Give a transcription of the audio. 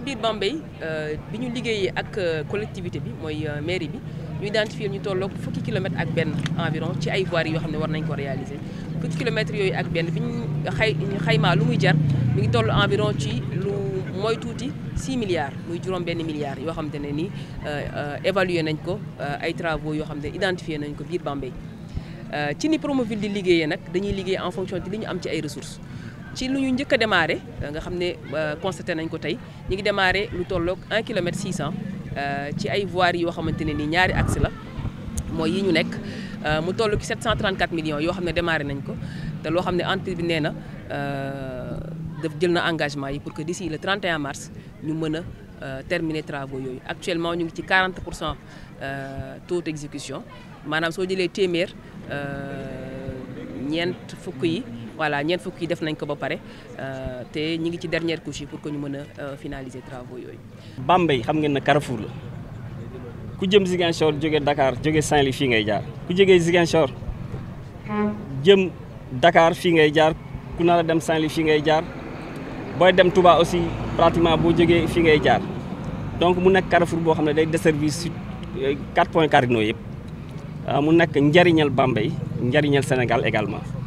ci biir Bambey euh, bi ñu liggéeyee ak euh, collectivité bi mooy euh, mairie bi ñu identifier ñu tolloog fukki kilomètres ak benn environ ci ay voiries yoo xam ne war nañ ko réaliser fukki kilomètres yooyu ak benn bi ñu xay xaymaa lu muy jar mi ngi toll environ ci lu mooy tuuti 6 milliards muy juróom benn milliards yoo xam ne ni évaluer nañ ko ay travaux yoo xam ne identifier nañ ko biir Bambey ci ni Promoville di liggéeyee nag dañuy liggéey en fonction de li ñu am ci ay ressources ci lu ñu njëkk a démarré euh, nga xam ne euh, constaté nañ ko tey ñu ngi démarré lu tolloog 1 kilomètre 600 euh, ci ay voiries yoo xamante ne ni ñaari axe la mooy yi ñu nekk mu toll ci 734 millions yoo xam ne démarré nañ ko te loo xam ne entreprise bi nee na daf jël na engagement yi pour que di d'ici le 31 mars ñu mën a terminer travaux yooyu actuellement ñu ngi ci 40 pour cent taux d'exécution maanaam soo jëlee téeméer ñeent fukk yi. voilà ñeent fukk yi def nañ ko ba pare euh, te ñu ngi ci dernière couche yi pour que ñu mën a euh, finaliser travaux yooyu. xam ngeen ne Carrefour la ku jëm Ziguinchor jóge dakaar jóge Saint-Louis fii ngay jaar ku jógee Ziguinchor jëm dakaar fii ngay jaar ku dem Saint-Louis ngay jaar booy dem tubaa aussi pratiquement boo jógee fii ngay jaar donc mu nekk Carrefour boo xam ne day desservir sur euh, quatre points cardinaux yëpp mu nekk njariñal Bambey njariñal Sénégal également.